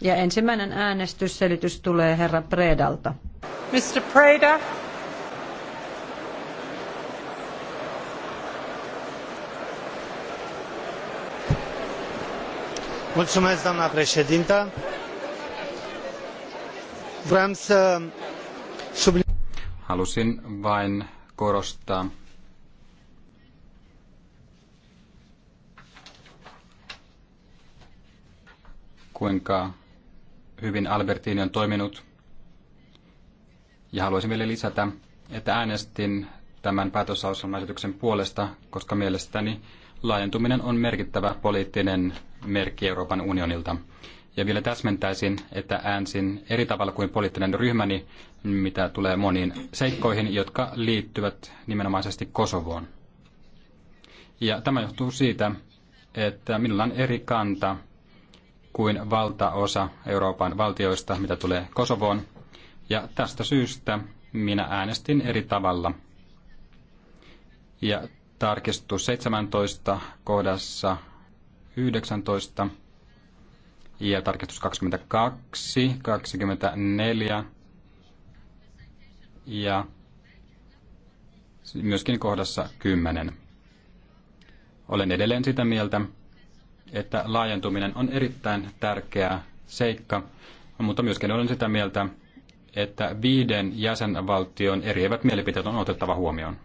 Ja ensimmäinen äänestysselitys tulee herra Predalta. Mr. Preda. Mulțumesc, doamna președintă. Vreau să Halusin vain korostaa kuinka hyvin Albertini on toiminut. Ja haluaisin vielä lisätä, että äänestin tämän päätöslauselmaesityksen puolesta, koska mielestäni laajentuminen on merkittävä poliittinen merkki Euroopan unionilta. Ja vielä täsmentäisin, että äänsin eri tavalla kuin poliittinen ryhmäni, mitä tulee moniin seikkoihin, jotka liittyvät nimenomaisesti Kosovoon. Ja tämä johtuu siitä, että minulla on eri kanta kuin valtaosa Euroopan valtioista, mitä tulee Kosovoon. Ja tästä syystä minä äänestin eri tavalla. Ja tarkistus 17 kohdassa 19 ja tarkistus 22, 24 ja myöskin kohdassa 10. Olen edelleen sitä mieltä, että laajentuminen on erittäin tärkeä seikka, mutta myöskin olen sitä mieltä, että viiden jäsenvaltion eriävät mielipiteet on otettava huomioon.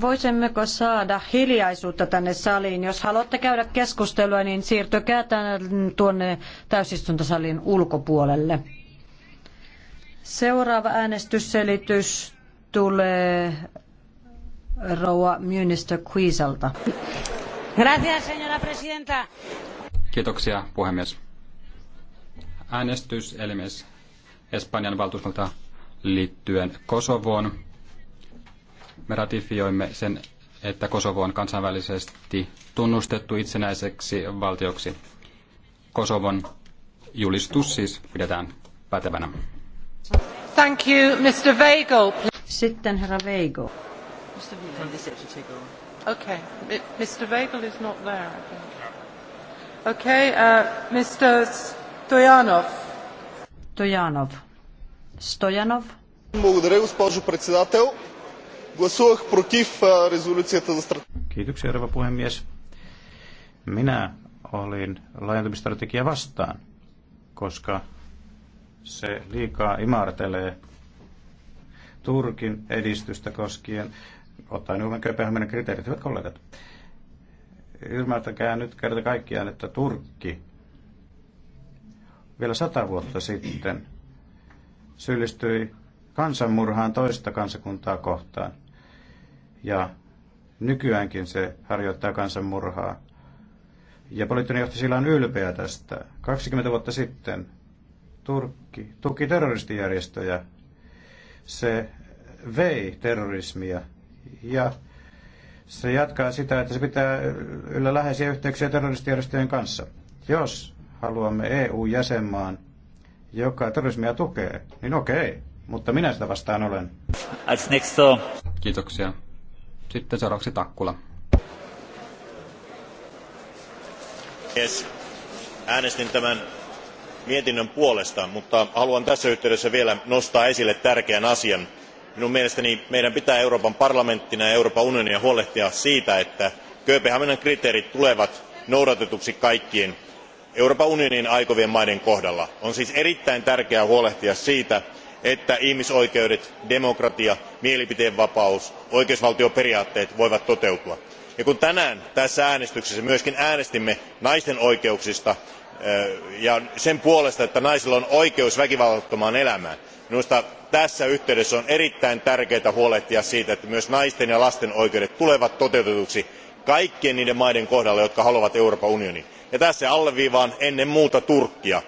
Voisimmeko saada hiljaisuutta tänne saliin? Jos haluatte käydä keskustelua, niin siirtykää tänne tuonne täysistuntosalin ulkopuolelle. Seuraava äänestysselitys tulee rouva Minister Quiselta. Gracias, señora presidenta. Kiitoksia, puhemies. Äänestyselimies Espanjan valtuuskunta liittyen Kosovoon. Me ratifioimme sen, että Kosovo on kansainvälisesti tunnustettu itsenäiseksi valtioksi. Kosovon julistus siis pidetään pätevänä. Thank you, Mr. Veigo. Sitten herra Veigo. Mr. Veigo. Okay. Mr. Weigel is not there, I think. Okay, uh, Mr. Stoyanov. Стоянов. Стоянов. Благодаря, госпожо председател. Гласувах против резолюцията за стратегия. Kiitoksia, herra puhemies. Minä olin laajentumistrategia vastaan, koska se liikaa imartelee Turkin edistystä koskien ottaen huomioon Kööpenhaminan kriteerit. Hyvät kollegat, ymmärtäkää nyt kerta kaikkiaan, että Turkki vielä sata vuotta sitten syyllistyi kansanmurhaan toista kansakuntaa kohtaan. Ja nykyäänkin se harjoittaa kansanmurhaa. Ja poliittinen johto sillä on ylpeä tästä. 20 vuotta sitten Turkki tuki terroristijärjestöjä. Se vei terrorismia ja se jatkaa sitä, että se pitää yllä läheisiä yhteyksiä terroristijärjestöjen kanssa. Jos haluamme EU-jäsenmaan, joka terrorismia tukee, niin okei, mutta minä sitä vastaan olen. Kiitoksia. Sitten seuraavaksi Takkula. Yes. Äänestin tämän mietinnön puolesta, mutta haluan tässä yhteydessä vielä nostaa esille tärkeän asian minun mielestäni meidän pitää euroopan parlamenttina ja euroopan unionina huolehtia siitä että kööpenhaminan kriteerit tulevat noudatetuiksi kaikkien euroopan unioniin aikovien maiden kohdalla. on siis erittäin tärkeää huolehtia siitä että ihmisoikeudet demokratia mielipiteenvapaus ja oikeusvaltioperiaatteet voivat toteutua. ja kun tänään tässä äänestyksessä myös äänestimme naisten oikeuksista ja sen puolesta että naisilla on oikeus väkivallattomaan elämään minusta tässä yhteydessä on erittäin tärkeää huolehtia siitä että myös naisten ja lasten oikeudet tulevat toteutetuiksi kaikkien niiden maiden kohdalla jotka haluavat euroopan unionin ja tässä alleviivaan ennen muuta turkkia.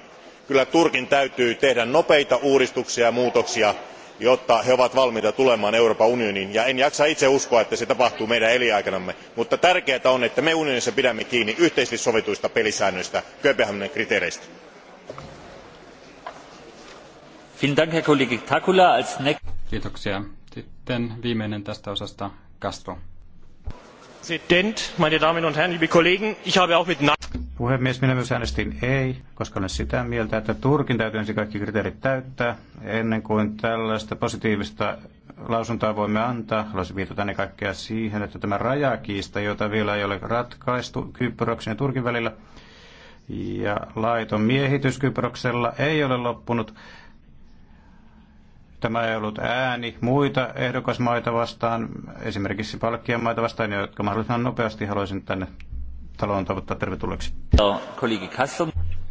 kyllä turkin täytyy tehdä nopeita uudistuksia ja muutoksia jotta he ovat valmiita tulemaan euroopan unioniin ja en jaksa itse uskoa että se tapahtuu meidän elinaikanamme mutta tärkeää on että me unionissa pidämme kiinni yhteisesti sovituista pelisäännöistä kööpenhaminan kriteereistä. Kiitoksia. Sitten viimeinen tästä osasta Castro. meine Damen und Herren, liebe Kollegen, ich habe auch mit Puhemies, minä myös äänestin ei, koska olen sitä mieltä, että Turkin täytyy ensin kaikki kriteerit täyttää ennen kuin tällaista positiivista lausuntoa voimme antaa. Haluaisin viitata ennen kaikkea siihen, että tämä rajakiista, jota vielä ei ole ratkaistu Kyproksen ja Turkin välillä, ja laiton miehitys Kyproksella ei ole loppunut. Tämä ei ollut ääni muita ehdokasmaita vastaan, esimerkiksi palkkien maita vastaan, jotka mahdollisimman nopeasti haluaisin tänne taloon toivottaa tervetulleeksi. No,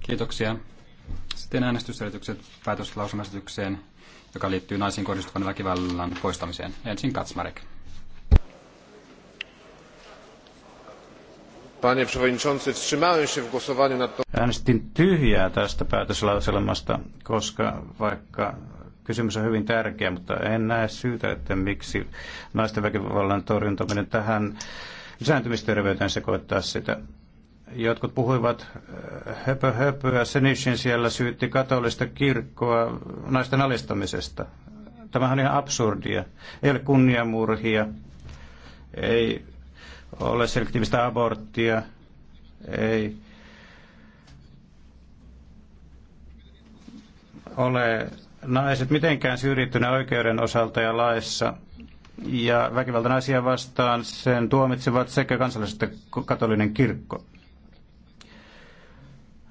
Kiitoksia. Sitten äänestysselitykset päätöslausumaesitykseen, joka liittyy naisiin kohdistuvan väkivallan poistamiseen. Ensin Katsmarek. Panie przewodniczący, wstrzymałem się w głosowaniu nad to. Äänestin tyhjää tästä päätöslauselmasta, koska vaikka kysymys on hyvin tärkeä, mutta en näe syytä, että miksi naisten väkivallan torjuntaminen tähän lisääntymisterveyteen sekoittaa sitä. Jotkut puhuivat äh, höpö höpöä, Senishin siellä syytti katolista kirkkoa naisten alistamisesta. Tämähän on ihan absurdia. Ei ole kunniamurhia, ei ole selektiivistä aborttia, ei ole naiset no mitenkään syrjittynä oikeuden osalta ja laissa. Ja väkivalta naisia vastaan sen tuomitsevat sekä kansalliset että katolinen kirkko.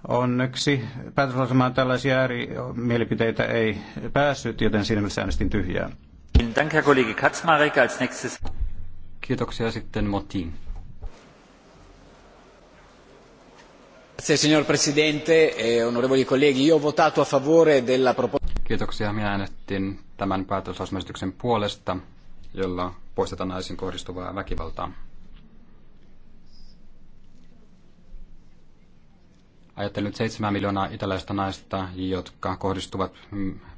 Onneksi päätöslausumaan tällaisia äärimielipiteitä ei päässyt, joten siinä mielessä äänestin tyhjää. Kiitoksia sitten Motin. Signor Presidente, eh, onorevoli colleghi, io ho votato a favore della proposta. Kiitoksia. Minä äänestin tämän päätöslausumaisityksen puolesta, jolla poistetaan naisiin kohdistuvaa väkivaltaa. Ajattelen nyt 7 miljoonaa italaista naista, jotka kohdistuvat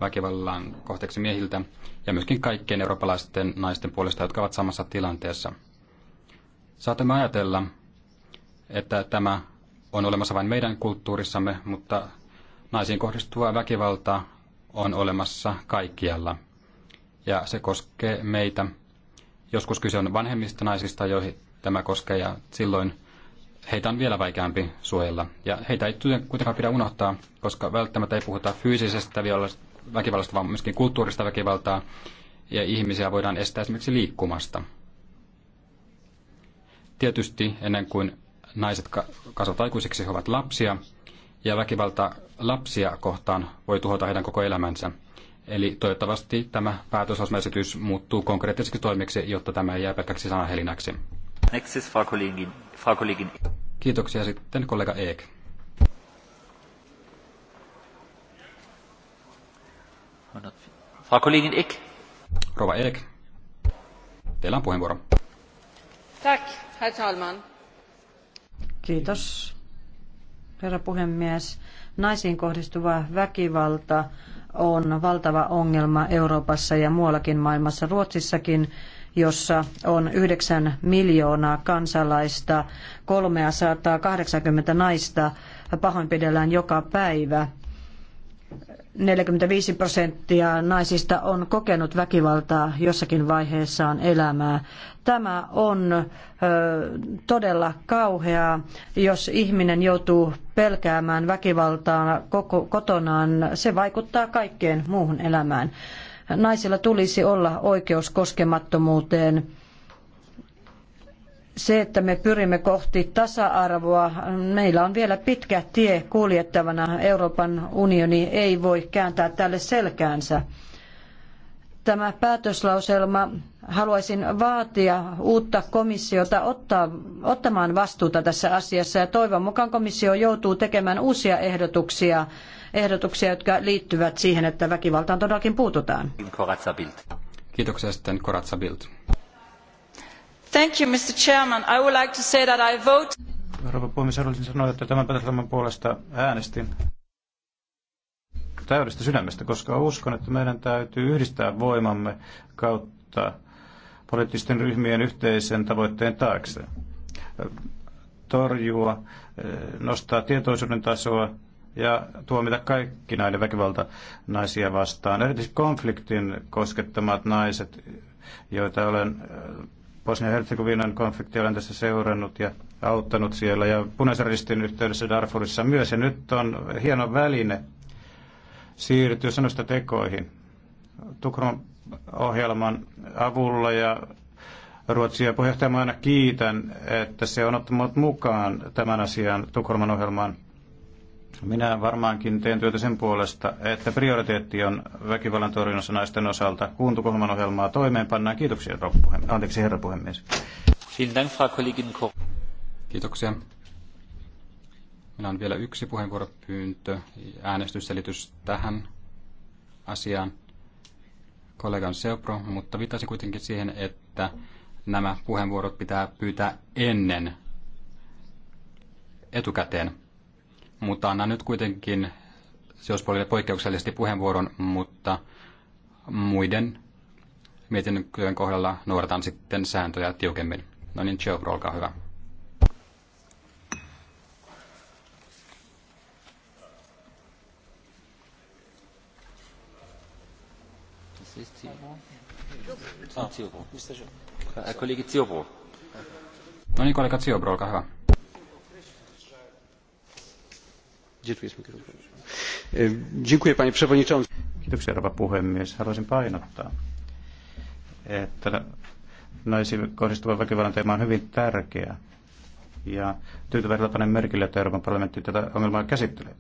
väkivallan kohteeksi miehiltä, ja myöskin kaikkien eurooppalaisten naisten puolesta, jotka ovat samassa tilanteessa. Saatamme ajatella, että tämä on olemassa vain meidän kulttuurissamme, mutta naisiin kohdistuvaa väkivaltaa on olemassa kaikkialla. Ja se koskee meitä. Joskus kyse on vanhemmista naisista, joihin tämä koskee, ja silloin heitä on vielä vaikeampi suojella. Ja heitä ei kuitenkaan pidä unohtaa, koska välttämättä ei puhuta fyysisestä väkivallasta, vaan myöskin kulttuurista väkivaltaa, ja ihmisiä voidaan estää esimerkiksi liikkumasta. Tietysti ennen kuin naiset kasvavat aikuisiksi, he ovat lapsia, ja väkivalta lapsia kohtaan voi tuhota heidän koko elämänsä. Eli toivottavasti tämä päätösasmaesitys muuttuu konkreettiseksi toimiksi, jotta tämä ei jää pelkäksi sanahelinäksi. Kiitoksia sitten kollega Eek. Frau Kollegin Eek. Rova Eek. Teillä on puheenvuoro. Tack, herr talman. Kiitos herra puhemies. Naisiin kohdistuva väkivalta on valtava ongelma Euroopassa ja muuallakin maailmassa. Ruotsissakin jossa on yhdeksän miljoonaa kansalaista, 380 naista pahoinpidellään joka päivä. 45 prosenttia naisista on kokenut väkivaltaa jossakin vaiheessaan elämää. Tämä on ö, todella kauheaa, jos ihminen joutuu pelkäämään väkivaltaa koko, kotonaan. Se vaikuttaa kaikkeen muuhun elämään. Naisilla tulisi olla oikeus koskemattomuuteen se, että me pyrimme kohti tasa-arvoa, meillä on vielä pitkä tie kuljettavana. Euroopan unioni ei voi kääntää tälle selkäänsä. Tämä päätöslauselma haluaisin vaatia uutta komissiota ottaa, ottamaan vastuuta tässä asiassa ja toivon mukaan komissio joutuu tekemään uusia ehdotuksia, ehdotuksia jotka liittyvät siihen, että väkivaltaan todellakin puututaan. Kiitoksia sitten Koratsa Bild arvoisa puhemies, haluaisin sanoa, että tämän päätöslauselman puolesta äänestin täydestä sydämestä, koska uskon, että meidän täytyy yhdistää voimamme kautta poliittisten ryhmien yhteisen tavoitteen taakse. Torjua, eh, nostaa tietoisuuden tasoa ja tuomita kaikki näiden väkivalta naisia vastaan. Erityisesti konfliktin koskettamat naiset, joita olen eh, Bosnia-Herzegovinan konflikti olen tässä seurannut ja auttanut siellä ja punaisen ristin yhteydessä Darfurissa myös. Ja nyt on hieno väline siirtyä sanoista tekoihin. Tukron ohjelman avulla ja Ruotsia aina kiitän, että se on ottanut mukaan tämän asian Tukholman ohjelmaan minä varmaankin teen työtä sen puolesta, että prioriteetti on väkivallan torjunnassa naisten osalta. Kun Tukholman ohjelmaa toimeenpannaan. Kiitoksia, herra puhemies. Anteeksi, herra puhemies. Kiitoksia. Meillä on vielä yksi puheenvuoropyyntö, äänestysselitys tähän asiaan kollegan Seupro, mutta viittasi kuitenkin siihen, että nämä puheenvuorot pitää pyytää ennen etukäteen. Mutta annan nyt kuitenkin sijoituspuolelle poikkeuksellisesti puheenvuoron, mutta muiden mietinnön kohdalla noudataan sitten sääntöjä tiukemmin. No niin, Joe, olkaa hyvä. No niin, kollega Ziobro, olkaa hyvä. E, Kiitoksia, rouva puhemies. Haluaisin painottaa, että naisiin kohdistuva väkivallan teema on hyvin tärkeä. Ja tyytyväisellä panen merkille, että Euroopan parlamentti tätä ongelmaa käsittelee.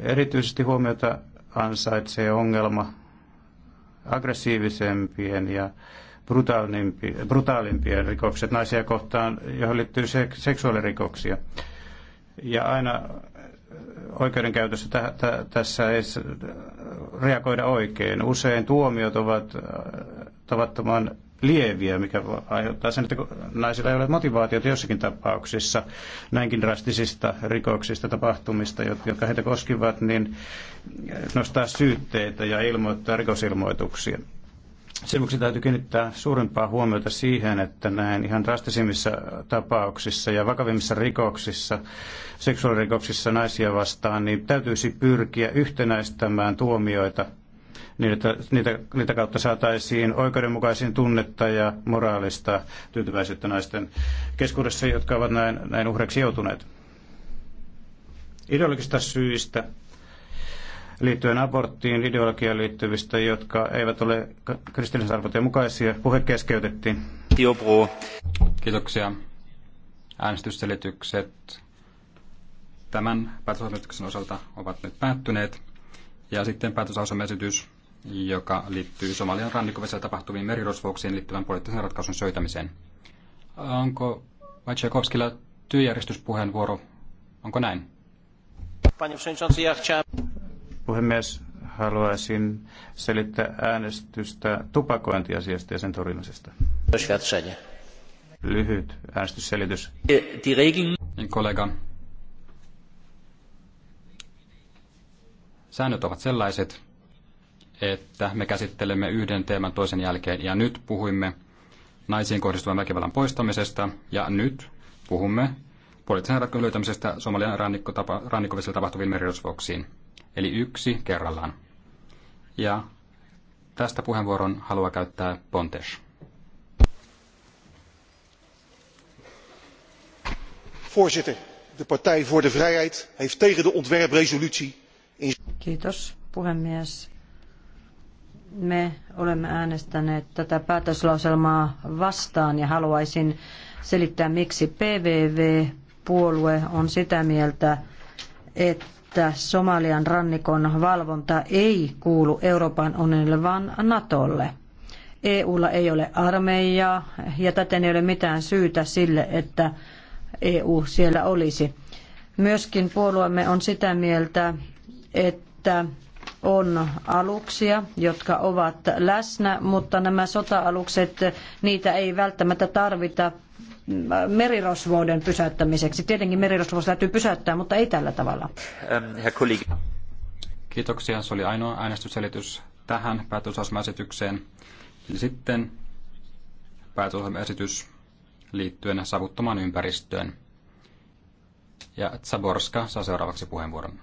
Erityisesti huomiota ansaitsee ongelma aggressiivisempien ja brutaalimpien rikokset naisia kohtaan, johon liittyy seksuaalirikoksia. Ja aina oikeudenkäytössä tä, tä, tässä ei reagoida oikein. Usein tuomiot ovat äh, tavattoman lieviä, mikä aiheuttaa sen, että naisilla ei ole motivaatiota jossakin tapauksissa näinkin drastisista rikoksista, tapahtumista, jotka heitä koskivat, niin äh, nostaa syytteitä ja ilmoittaa rikosilmoituksia. Sen vuoksi täytyy kiinnittää suurempaa huomiota siihen, että näin ihan drastisimmissa tapauksissa ja vakavimmissa rikoksissa, seksuaalirikoksissa naisia vastaan, niin täytyisi pyrkiä yhtenäistämään tuomioita niin, että niitä, niitä kautta saataisiin oikeudenmukaisin tunnetta ja moraalista tyytyväisyyttä naisten keskuudessa, jotka ovat näin, näin uhreiksi joutuneet. Ideologisista syistä liittyen aborttiin ideologiaan liittyvistä, jotka eivät ole kristillisen arvojen mukaisia. Puhe keskeytettiin. Kiitoksia. Äänestysselitykset tämän päätösasematuksen osalta ovat nyt päättyneet. Ja sitten päätösasemaesitys, joka liittyy Somalian rannikovessa tapahtuviin merirosvouksiin liittyvän poliittisen ratkaisun söitämiseen. Onko Wojciechowskilla työjärjestyspuheenvuoro? Onko näin? Panie przewodniczący, ja chciałem... Puhemies, haluaisin selittää äänestystä tupakointiasiasta ja sen torjumisesta. Lyhyt äänestysselitys. Niin, kollega. Säännöt ovat sellaiset, että me käsittelemme yhden teeman toisen jälkeen ja nyt puhuimme naisiin kohdistuvan väkivallan poistamisesta ja nyt puhumme poliittisen ratkaisun löytämisestä Somalian rannikkovesillä tapahtuviin merirosvoksiin eli yksi kerrallaan. Ja tästä puheenvuoron haluaa käyttää Pontes. Voorzitter, de Partij voor de Vrijheid heeft tegen de ontwerpresolutie in... Kiitos, puhemies. Me olemme äänestäneet tätä päätöslauselmaa vastaan ja haluaisin selittää, miksi PVV-puolue on sitä mieltä, että että Somalian rannikon valvonta ei kuulu Euroopan unionille, vaan Natolle. EUlla ei ole armeijaa ja täten ei ole mitään syytä sille, että EU siellä olisi. Myöskin puolueemme on sitä mieltä, että on aluksia, jotka ovat läsnä, mutta nämä sota-alukset, niitä ei välttämättä tarvita merirosvouden pysäyttämiseksi. Tietenkin merirosvous täytyy pysäyttää, mutta ei tällä tavalla. Ähm, Kiitoksia. Se oli ainoa äänestysselitys tähän päätösasemaesitykseen. Sitten päätösasemaesitys liittyen savuttomaan ympäristöön. Ja Zaborska saa seuraavaksi puheenvuoron.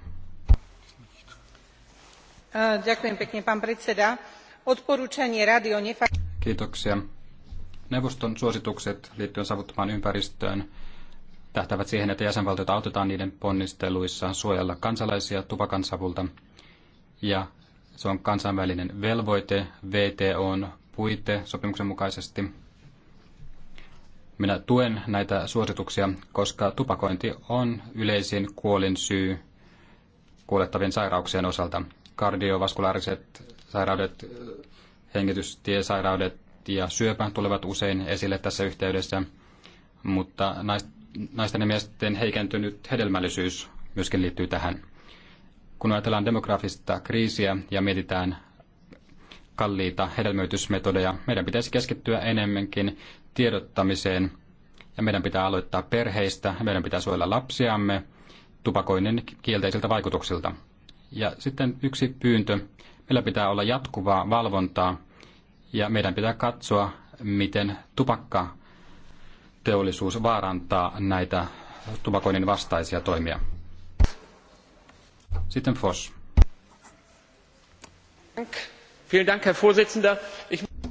Kiitoksia. Neuvoston suositukset liittyen saavuttamaan ympäristöön tähtävät siihen, että jäsenvaltiot autetaan niiden ponnisteluissa suojella kansalaisia tupakansavulta. Ja se on kansainvälinen velvoite VTOn sopimuksen mukaisesti. Minä tuen näitä suosituksia, koska tupakointi on yleisin kuolin syy kuolettavien sairauksien osalta. Kardiovaskulaariset sairaudet, hengitystiesairaudet, ja syöpä tulevat usein esille tässä yhteydessä, mutta naisten ja miesten heikentynyt hedelmällisyys myöskin liittyy tähän. Kun ajatellaan demografista kriisiä ja mietitään kalliita hedelmöitysmetodeja, meidän pitäisi keskittyä enemmänkin tiedottamiseen ja meidän pitää aloittaa perheistä, meidän pitää suojella lapsiamme tupakoinnin kielteisiltä vaikutuksilta. Ja sitten yksi pyyntö, meillä pitää olla jatkuvaa valvontaa ja meidän pitää katsoa, miten tupakkateollisuus vaarantaa näitä tupakoinnin vastaisia toimia. Sitten Foss.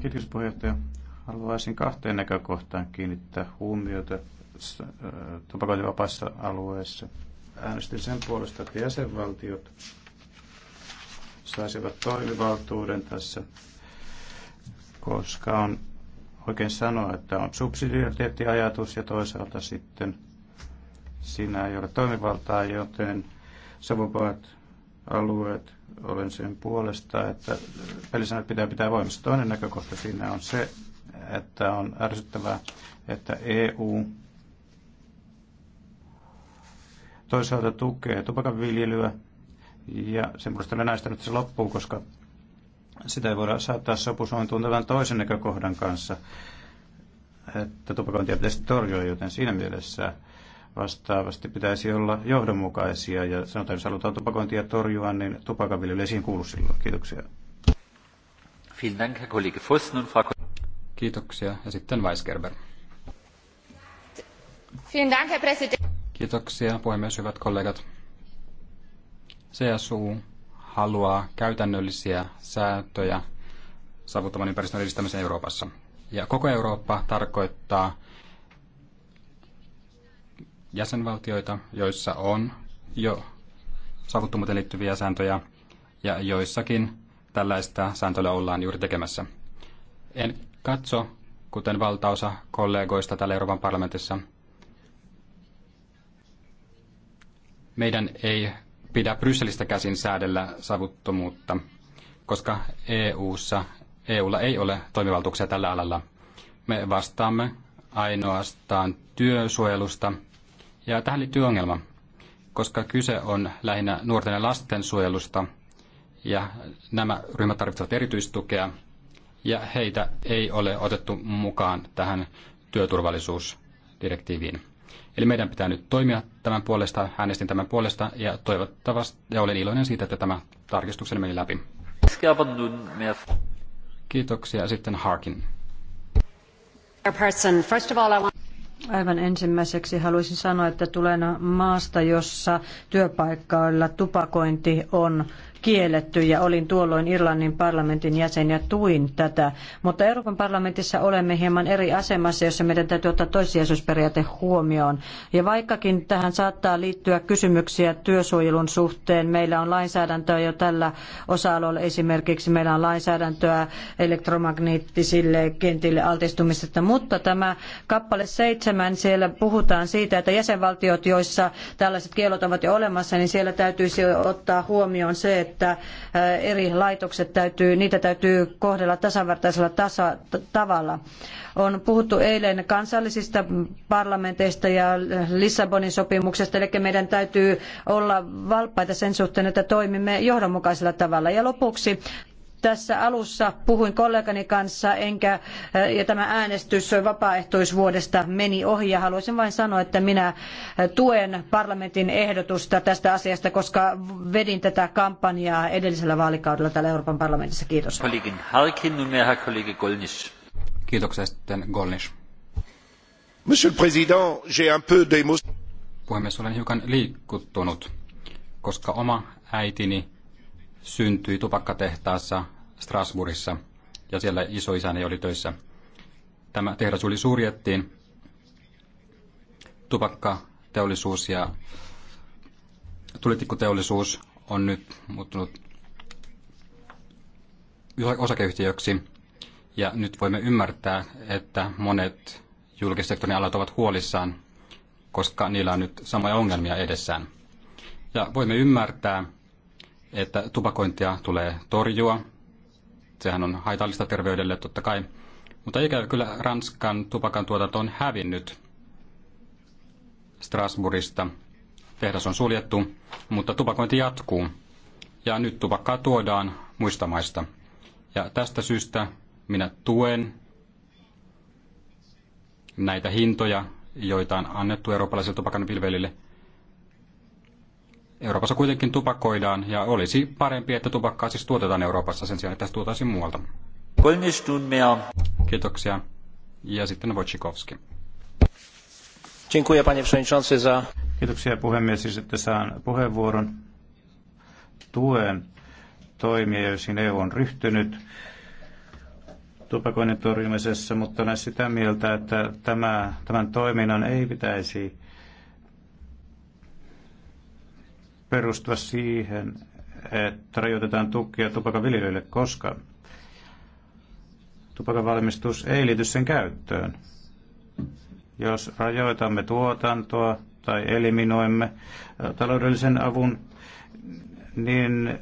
Kiitos puheenjohtaja. Haluaisin kahteen näkökohtaan kiinnittää huomiota vapaassa alueessa. Äänestin sen puolesta, että jäsenvaltiot saisivat toimivaltuuden tässä koska on oikein sanoa, että on subsidiariteettiajatus ja toisaalta sitten siinä ei ole toimivaltaa, joten savupaat alueet, olen sen puolesta, että pelisäännöt pitää pitää voimassa. Toinen näkökohta siinä on se, että on ärsyttävää, että EU toisaalta tukee tupakan viljelyä ja semmoista olen näistä nyt se loppuu, koska sitä ei voida saattaa sopusointuun tämän toisen näkökohdan kanssa, että tupakointia pitäisi torjua, joten siinä mielessä vastaavasti pitäisi olla johdonmukaisia ja sanotaan, jos halutaan tupakointia torjua, niin tupakaville ei siihen kuulu silloin. Kiitoksia. Kiitoksia. Ja sitten Weisgerber. Kiitoksia, puhemies, hyvät kollegat. CSU haluaa käytännöllisiä sääntöjä saavuttavan ympäristön edistämisen Euroopassa. Ja koko Eurooppa tarkoittaa jäsenvaltioita, joissa on jo saavuttomuuteen liittyviä sääntöjä ja joissakin tällaista sääntöä ollaan juuri tekemässä. En katso, kuten valtaosa kollegoista täällä Euroopan parlamentissa, meidän ei pidä Brysselistä käsin säädellä savuttomuutta, koska EUssa, EUlla ei ole toimivaltuuksia tällä alalla. Me vastaamme ainoastaan työsuojelusta, ja tähän liittyy ongelma, koska kyse on lähinnä nuorten ja lasten suojelusta, ja nämä ryhmät tarvitsevat erityistukea, ja heitä ei ole otettu mukaan tähän työturvallisuusdirektiiviin. Eli meidän pitää nyt toimia tämän puolesta, äänestin tämän puolesta ja toivottavasti, ja olen iloinen siitä, että tämä tarkistukseni meni läpi. Kiitoksia. Sitten Harkin. Aivan ensimmäiseksi haluaisin sanoa, että tulen maasta, jossa työpaikkailla tupakointi on kielletty ja olin tuolloin Irlannin parlamentin jäsen ja tuin tätä. Mutta Euroopan parlamentissa olemme hieman eri asemassa, jossa meidän täytyy ottaa toissijaisuusperiaate huomioon. Ja vaikkakin tähän saattaa liittyä kysymyksiä työsuojelun suhteen, meillä on lainsäädäntöä jo tällä osa-alueella esimerkiksi, meillä on lainsäädäntöä elektromagneettisille kentille altistumisesta, mutta tämä kappale seitsemän, siellä puhutaan siitä, että jäsenvaltiot, joissa tällaiset kielot ovat jo olemassa, niin siellä täytyisi ottaa huomioon se, että että äh, eri laitokset täytyy, niitä täytyy kohdella tasavertaisella tasa, tavalla. On puhuttu eilen kansallisista parlamenteista ja Lissabonin sopimuksesta, eli meidän täytyy olla valppaita sen suhteen, että toimimme johdonmukaisella tavalla. Ja lopuksi tässä alussa puhuin kollegani kanssa, enkä, eh, ja tämä äänestys vapaaehtoisvuodesta meni ohi, ja haluaisin vain sanoa, että minä eh, tuen parlamentin ehdotusta tästä asiasta, koska vedin tätä kampanjaa edellisellä vaalikaudella täällä Euroopan parlamentissa. Kiitos. Kiitoksia sitten Golnish. Monsieur le Président, j'ai un peu d'émotion. Puhemies, olen hiukan liikuttunut, koska oma äitini syntyi tupakkatehtaassa Strasbourgissa ja siellä isoisäni oli töissä. Tämä tehdas oli suljettiin. Tupakkateollisuus ja tulitikkuteollisuus on nyt muuttunut osakeyhtiöksi. Ja nyt voimme ymmärtää, että monet julkisektorin alat ovat huolissaan, koska niillä on nyt samoja ongelmia edessään. Ja voimme ymmärtää, että tupakointia tulee torjua. Sehän on haitallista terveydelle totta kai. Mutta ikävä kyllä Ranskan tupakan tuotanto on hävinnyt Strasbourgista. Tehdas on suljettu, mutta tupakointi jatkuu. Ja nyt tupakkaa tuodaan muista maista. Ja tästä syystä minä tuen näitä hintoja, joita on annettu eurooppalaisille tupakan pilvelille. Euroopassa kuitenkin tupakoidaan ja olisi parempi, että tupakkaa siis tuotetaan Euroopassa sen sijaan, että se tuotaisiin muualta. Kiitoksia. Ja sitten Wojciechowski. Dziękuję panie przewodniczący za... Kiitoksia puhemies, siis sitten saan puheenvuoron. Tuen toimia, joihin EU on ryhtynyt tupakoinnin torjumisessa, mutta olen sitä mieltä, että tämä, tämän toiminnan ei pitäisi perustua siihen, että rajoitetaan tukia tupakaviljelijöille, koska tupakavalmistus ei liity sen käyttöön. Jos rajoitamme tuotantoa tai eliminoimme taloudellisen avun, niin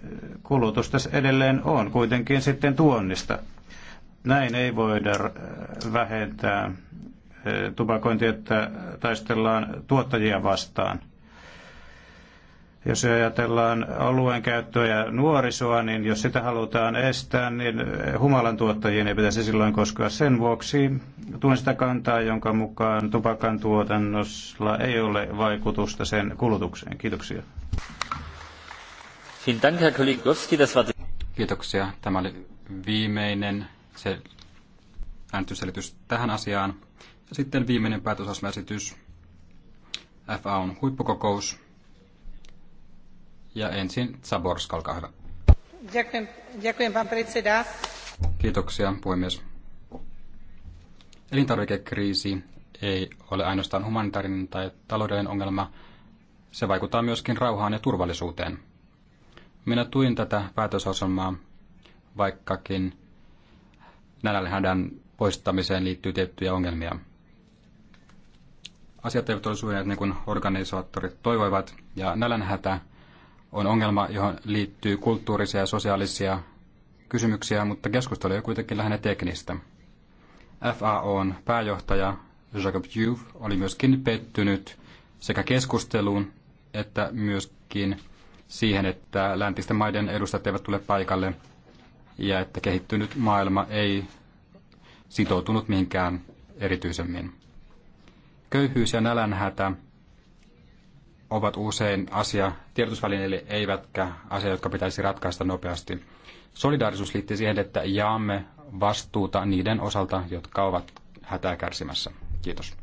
tässä edelleen on kuitenkin sitten tuonnista. Näin ei voida vähentää tupakointia, että taistellaan tuottajia vastaan. Jos ajatellaan alueen käyttöä ja nuorisoa, niin jos sitä halutaan estää, niin humalan tuottajien ei pitäisi silloin koskea. Sen vuoksi tuen sitä kantaa, jonka mukaan tupakan tuotannossa ei ole vaikutusta sen kulutukseen. Kiitoksia. Kiitoksia. Tämä oli viimeinen se äänestysselitys tähän asiaan. Ja sitten viimeinen päätösasmaesitys. FA on huippukokous. Ja ensin Zaborsk, Kiitoksia, puhemies. Elintarvikekriisi ei ole ainoastaan humanitaarinen tai taloudellinen ongelma, se vaikuttaa myöskin rauhaan ja turvallisuuteen. Minä tuin tätä päätösasemaa, vaikkakin nälänhädän poistamiseen liittyy tiettyjä ongelmia. Asiat eivät ole sujuneet niin kuin organisaattorit toivoivat, ja nälänhätä on ongelma, johon liittyy kulttuurisia ja sosiaalisia kysymyksiä, mutta keskustelu on kuitenkin lähinnä teknistä. FAOn pääjohtaja Jacob Jouve oli myöskin pettynyt sekä keskusteluun että myöskin siihen, että läntisten maiden edustajat eivät tule paikalle ja että kehittynyt maailma ei sitoutunut mihinkään erityisemmin. Köyhyys ja nälänhätä ovat usein asia tiedotusvälineille eivätkä asia, jotka pitäisi ratkaista nopeasti. Solidaarisuus liittyy siihen, että jaamme vastuuta niiden osalta, jotka ovat hätää kärsimässä. Kiitos.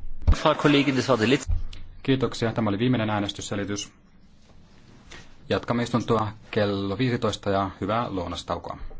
Kiitoksia. Tämä oli viimeinen äänestysselitys. Jatkamme istuntoa kello 15 ja hyvää lounastaukoa.